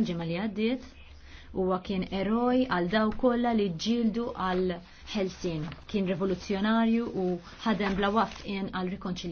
għalġimma li għaddiet huwa kien eroj għal daw kollha li ġildu għal ħelsin. Kien rivoluzzjonarju u ħadem bla waqf in għal rikonċiljazzjoni.